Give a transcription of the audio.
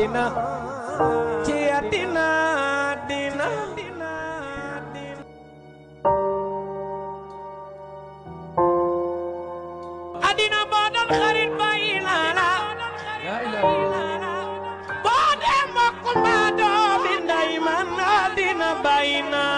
dina ci àddina dina àddina boo doon xarit Medina bàyyi naa